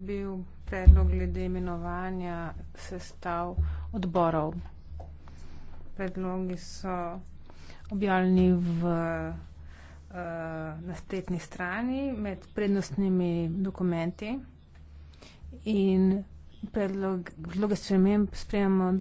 bil predlog glede imenovanja sestav odborov. Predlogi so objavljeni v eh, na stetni strani med prednostnimi dokumenti in predlog, predloge sprememb sprejemamo.